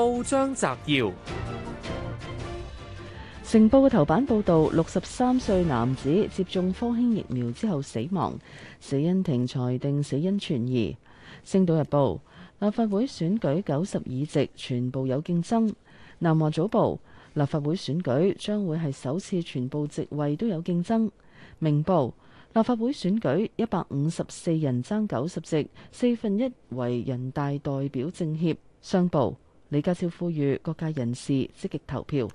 報章摘要：成報嘅頭版報道，六十三歲男子接種科興疫苗之後死亡，死因庭裁定死因存疑。星島日報立法會選舉九十二席全部有競爭。南華早報立法會選舉將會係首次全部席位都有競爭。明報立法會選舉一百五十四人爭九十席，四分一為人大代表、政協。商報。李家超呼籲各界人士積極投票。《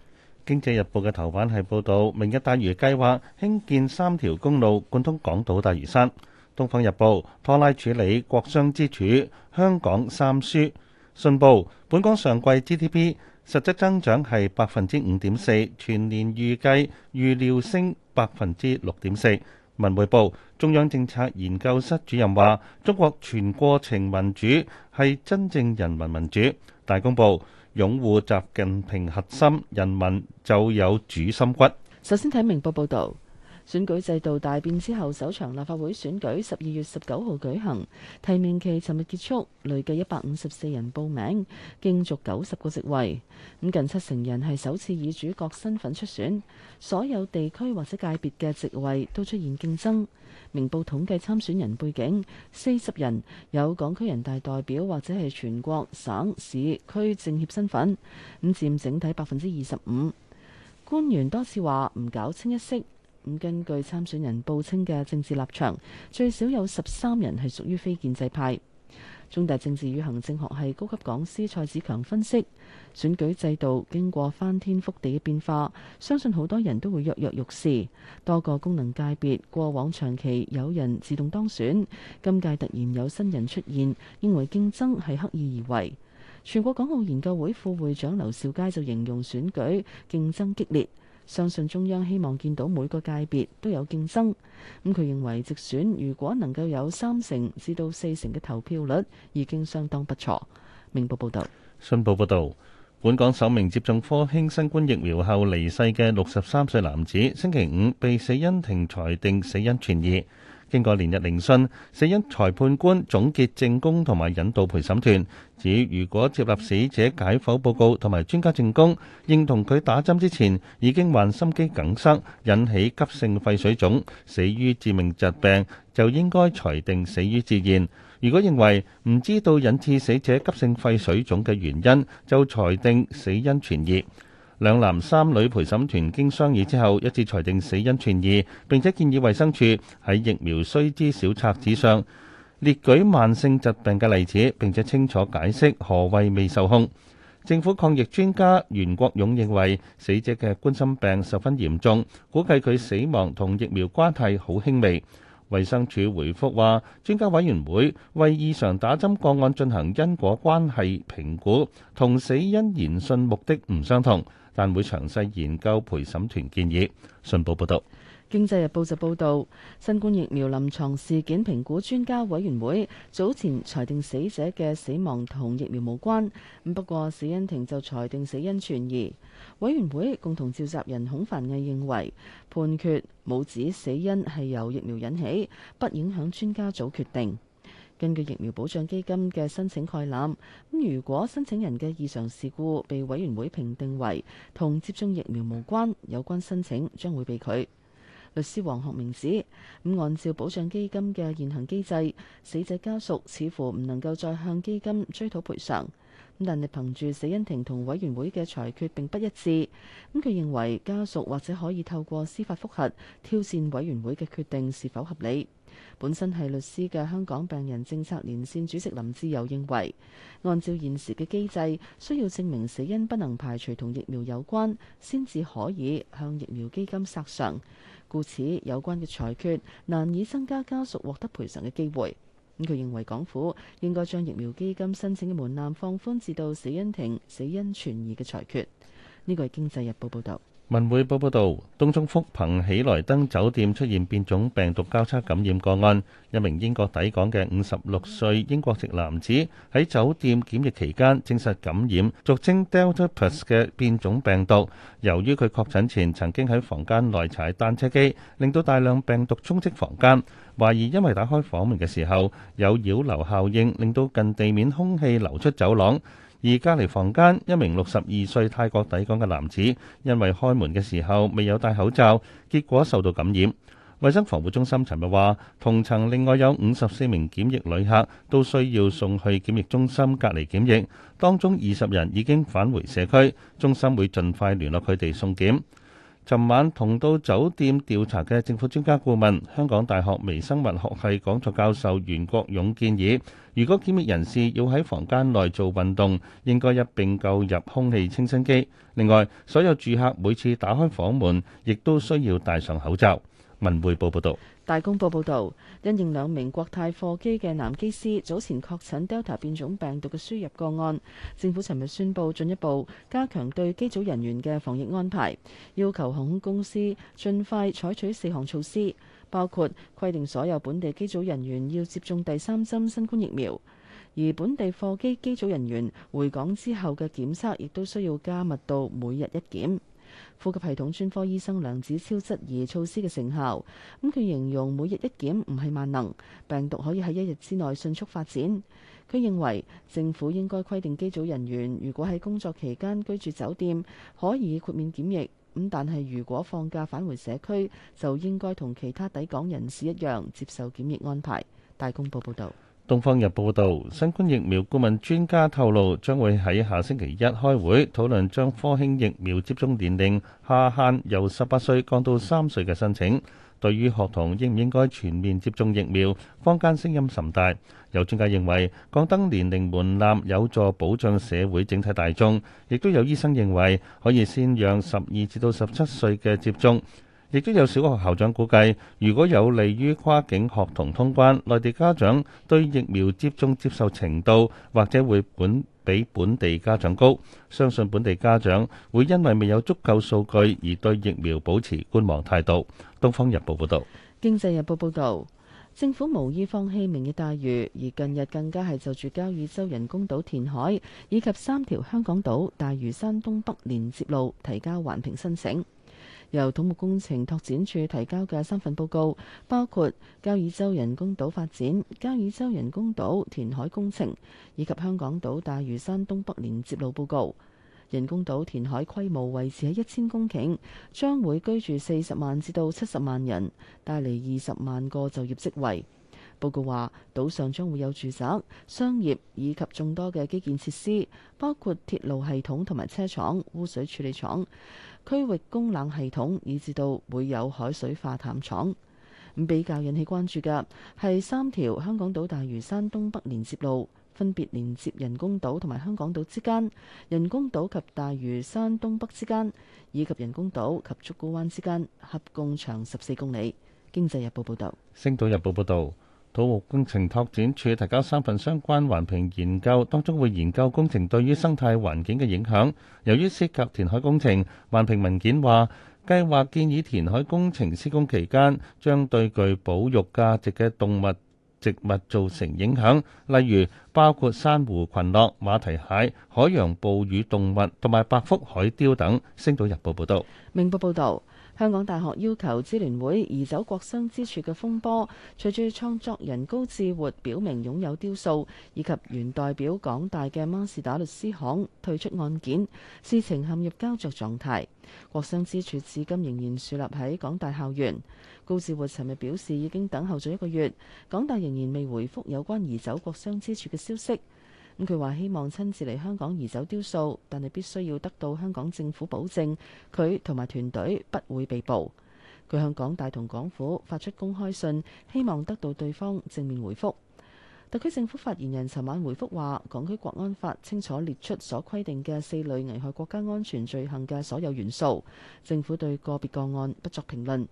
經濟日報》嘅頭版係報導，明日大嶼計劃興建三條公路，貫通港島大嶼山。《東方日報》拖拉處理國殤之柱。《香港三書信報》本港上季 GDP 實質增長係百分之五點四，全年預計預料升百分之六點四。《文匯報》中央政策研究室主任話：中國全過程民主係真正人民民主。大公報擁護習近平核心，人民就有主心骨。首先睇明報報導。選舉制度大變之後，首場立法會選舉十二月十九號舉行，提名期尋日結束，累計一百五十四人報名競逐九十個席位。咁近七成人係首次以主角身份出選，所有地區或者界別嘅席位都出現競爭。明報統計參選人背景人，四十人有港區人大代表或者係全國省、省市區政協身份，咁佔整體百分之二十五。官員多次話唔搞清一色。咁根據參選人報稱嘅政治立場，最少有十三人係屬於非建制派。中大政治與行政學系高級講師蔡子強分析，選舉制度經過翻天覆地嘅變化，相信好多人都會躍躍欲試。多個功能界別過往長期有人自動當選，今屆突然有新人出現，認為競爭係刻意而為。全國港澳研究會副會長劉兆佳就形容選舉競爭激烈。相信中央希望見到每個界別都有競爭，咁佢認為直選如果能夠有三成至到四成嘅投票率已經相當不錯。明報報道，信報報道，本港首名接種科興新冠疫苗後離世嘅六十三歲男子，星期五被死因庭裁定死因存疑。經過連日聆訊，死因裁判官總結證供同埋引導陪審團指，如果接納死者解剖報告同埋專家證供，認同佢打針之前已經患心肌梗塞，引起急性肺水腫，死於致命疾病，就應該裁定死於自然；如果認為唔知道引致死者急性肺水腫嘅原因，就裁定死因存疑。兩男三女陪審團經商議之後，一致裁定死因存疑，並且建議衛生署喺疫苗須知小冊子上列舉慢性疾病嘅例子，並且清楚解釋何為未受控。政府抗疫專家袁國勇認為，死者嘅冠心病十分嚴重，估計佢死亡同疫苗關係好輕微。衛生署回覆話，專家委員會為異常打針個案進行因果關係評估，同死因研訊目的唔相同。但會詳細研究陪審團建議。信報報導，《經濟日報》就報導，新冠疫苗臨床事件評估專家委員會早前裁定死者嘅死亡同疫苗無關。咁不過死因庭就裁定死因存疑。委員會共同召集人孔凡毅認為判決冇指死因係由疫苗引起，不影響專家組決定。根據疫苗保障基金嘅申請概覽，咁如果申請人嘅異常事故被委員會評定為同接種疫苗無關，有關申請將會被拒。律師黃學明指，咁按照保障基金嘅現行機制，死者家屬似乎唔能夠再向基金追討賠償。但係憑住死因庭同委員會嘅裁決並不一致，咁佢認為家屬或者可以透過司法覆核挑戰委員會嘅決定是否合理。本身係律師嘅香港病人政策連線主席林志友認為，按照現時嘅機制，需要證明死因不能排除同疫苗有關，先至可以向疫苗基金索償，故此有關嘅裁決難以增加家屬獲得賠償嘅機會。咁佢認為港府應該將疫苗基金申請嘅門檻放寬至到死因庭死因存疑嘅裁決。呢個係《經濟日報》報道。文匯報報道，東涌福朋喜來登酒店出現變種病毒交叉感染個案。一名英國抵港嘅五十六歲英國籍男子喺酒店檢疫期間證實感染，俗稱 Delta Plus 嘅變種病毒。由於佢確診前曾經喺房間內踩單車機，令到大量病毒充斥房間。懷疑因為打開房門嘅時候有擾流效應，令到近地面空氣流出走廊。而隔離房間一名六十二歲泰國抵港嘅男子，因為開門嘅時候未有戴口罩，結果受到感染。衛生防護中心尋日話，同層另外有五十四名檢疫旅客都需要送去檢疫中心隔離檢疫，當中二十人已經返回社區，中心會盡快聯絡佢哋送檢。尋晚同到酒店調查嘅政府專家顧問、香港大學微生物學系講座教授袁國勇建議，如果檢疫人士要喺房間內做運動，應該一併購入空氣清新機。另外，所有住客每次打開房門，亦都需要戴上口罩。文匯報報道，大公報報道，因應兩名國泰貨機嘅男機師早前確診 Delta 變種病毒嘅輸入個案，政府尋日宣布進一步加強對機組人員嘅防疫安排，要求航空公司盡快採取四項措施，包括規定所有本地機組人員要接種第三針新冠疫苗，而本地貨機機組人員回港之後嘅檢測亦都需要加密到每日一檢。呼吸系統專科醫生梁子超質疑措施嘅成效。咁佢形容每日一檢唔係萬能，病毒可以喺一日之內迅速發展。佢認為政府應該規定機組人員如果喺工作期間居住酒店，可以豁免檢疫。咁但係如果放假返回社區，就應該同其他抵港人士一樣接受檢疫安排。大公報報導。《東方日報》報道，新冠疫苗顧問專家透露，將會喺下星期一開會討論將科興疫苗接種年齡下限由十八歲降到三歲嘅申請。對於學童應唔應該全面接種疫苗，坊間聲音甚大。有專家認為，降低年齡門檻有助保障社會整體大眾，亦都有醫生認為可以先讓十二至到十七歲嘅接種。亦都有小學校長估計，如果有利於跨境學童通關，內地家長對疫苗接種接受程度或者會本比本地家長高。相信本地家長會因為未有足夠數據而對疫苗保持觀望態度。《東方日報》報導，《經濟日報》報導，政府無意放棄明日大嶼，而近日更加係就住交椅洲人工島填海以及三條香港島大嶼山東北連接路提交環評申請。由土木工程拓展署提交嘅三份報告，包括交椅洲人工島發展、交椅洲人工島填海工程，以及香港島大嶼山東北連接路報告。人工島填海規模維持喺一千公頃，將會居住四十萬至到七十萬人，帶嚟二十萬個就業職位。報告話，島上將會有住宅、商業以及眾多嘅基建設施，包括鐵路系統同埋車廠、污水處理廠、區域供冷系統，以至到會有海水化淡廠。比較引起關注嘅係三條香港島大嶼山東北連接路，分別連接人工島同埋香港島之間、人工島及大嶼山東北之間，以及人工島及竹篙灣之間，合共長十四公里。經濟日報報道，星島日報報道。土木工程拓展署提交三份相關環評研究，當中會研究工程對於生態環境嘅影響。由於涉及填海工程，環評文件話，計劃建議填海工程施工期間將對具保育價值嘅動物、植物造成影響，例如包括珊瑚群落、馬蹄蟹、海洋哺乳動物同埋白腹海雕等。星島日報報道，明報報道。香港大學要求支聯會移走國殤之柱嘅風波，隨住創作人高志活表明擁有雕塑，以及原代表港大嘅孖士打律師行退出案件，事情陷入膠著狀態。國殤之柱至今仍然樹立喺港大校園。高志活尋日表示已經等候咗一個月，港大仍然未回覆有關移走國殤之柱嘅消息。咁佢話希望親自嚟香港移走雕塑，但係必須要得到香港政府保證，佢同埋團隊不會被捕。佢向港大同港府發出公開信，希望得到對方正面回覆。特區政府發言人尋晚回覆話，港區國安法清楚列出所規定嘅四類危害國家安全罪行嘅所有元素，政府對個別個案不作評論。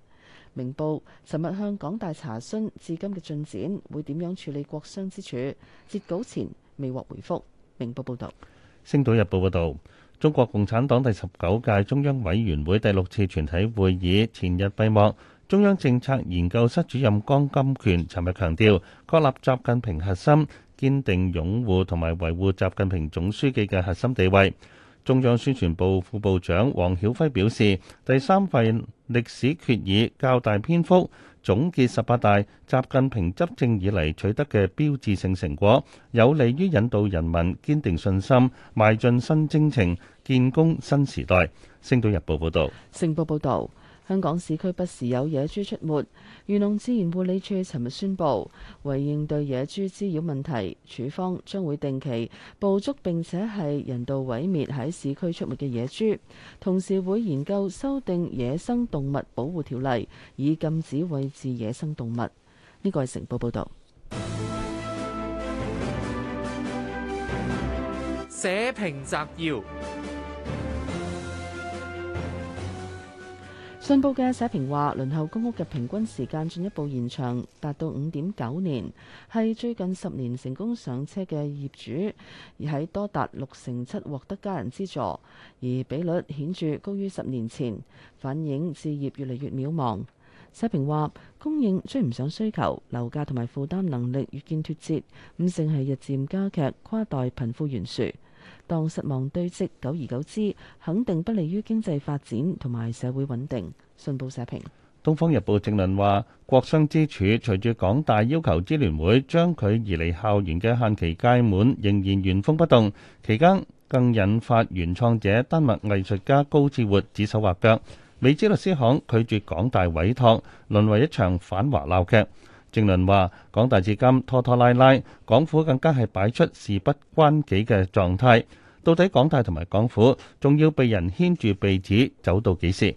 明報尋日向港大查詢至今嘅進展，會點樣處理國殤之柱？截稿前，未獲回覆。明報報導，《星島日報》報道，中國共產黨第十九屆中央委員會第六次全體會議前日閉幕。中央政策研究室主任江金權尋日強調，確立習近平核心，堅定擁護同埋維護習近平總書記嘅核心地位。中央宣傳部副部長王曉輝表示，第三份歷史決議較大篇幅。總結十八大、習近平執政以嚟取得嘅標誌性成果，有利於引導人民堅定信心、邁進新征程、建功新時代。星島日報報道，星報報道。香港市區不時有野豬出沒，漁農自然護理署尋日宣布，為應對野豬滋擾問題，署方將會定期捕捉並且係人道毀滅喺市區出沒嘅野豬，同時會研究修訂野生動物保護條例，以禁止餵食野生動物。呢個係成報報導。社評摘要。進報嘅社評話，輪候公屋嘅平均時間進一步延長，達到五點九年，係最近十年成功上車嘅業主，而喺多達六成七獲得家人資助，而比率顯著高於十年前，反映置業越嚟越渺茫。社評話，供應追唔上需求，樓價同埋負擔能力越見脫節，唔淨係日漸加劇跨代貧富懸殊。當失望堆積，久而久之，肯定不利於經濟發展同埋社會穩定。信報社評。《東方日報》正論話：國殤之柱，隨住港大要求支聯會將佢移離校園嘅限期屆滿，仍然原封不動。期間更引發原創者丹麥藝術家高志活指手畫腳，美資律師行拒絕港大委託，淪為一場反華鬧劇。正論話：港大至今拖拖拉拉，港府更加係擺出事不關己嘅狀態。到底港大同埋港府仲要被人牽住鼻子走到幾時？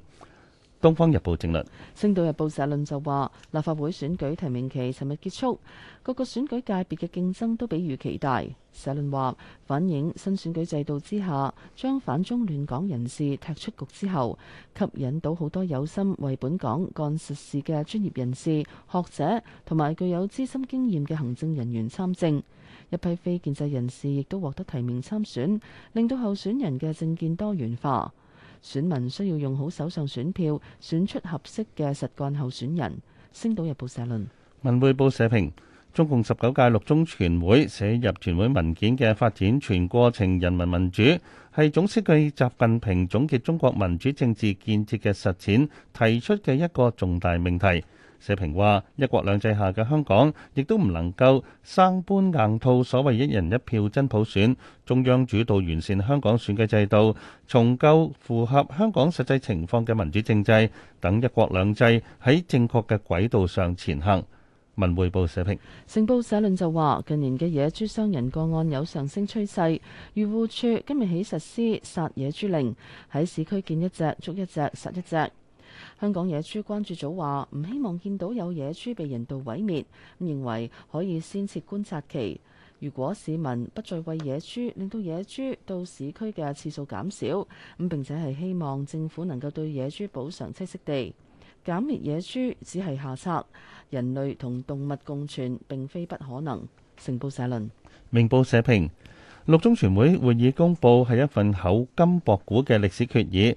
《東方日報》正論，《星島日報》社論就話：立法會選舉提名期尋日結束，各個選舉界別嘅競爭都比預期大。社論話反映新選舉制度之下，將反中亂港人士踢出局之後，吸引到好多有心為本港幹實事嘅專業人士、學者同埋具有資深經驗嘅行政人員參政。一批非建制人士亦都獲得提名參選，令到候選人嘅政見多元化。選民需要用好手上選票，選出合適嘅實幹候選人。《星島日報》社論，《文匯報》社評：中共十九屆六中全會寫入全會文件嘅發展全過程人民民主，係總書記習近平總結中國民主政治建設嘅實踐提出嘅一個重大命題。社評話：一國兩制下嘅香港，亦都唔能夠生搬硬套所謂一人一票真普選，中央主導完善香港選舉制度，重構符合香港實際情況嘅民主政制，等一國兩制喺正確嘅軌道上前行。文匯報社評，成報社論就話：近年嘅野豬傷人個案有上升趨勢，漁護署今日起實施殺野豬令，喺市區見一隻捉一隻，殺一隻。香港野豬關注組話：唔希望見到有野豬被人道毀滅，認為可以先設觀察期。如果市民不再餵野豬，令到野豬到市區嘅次數減少，咁並且係希望政府能夠對野豬補償棲息地。剿滅野豬只係下策，人類同動物共存並非不可能。成報社論，明報社評，六中全會會議公佈係一份厚今薄古嘅歷史決議。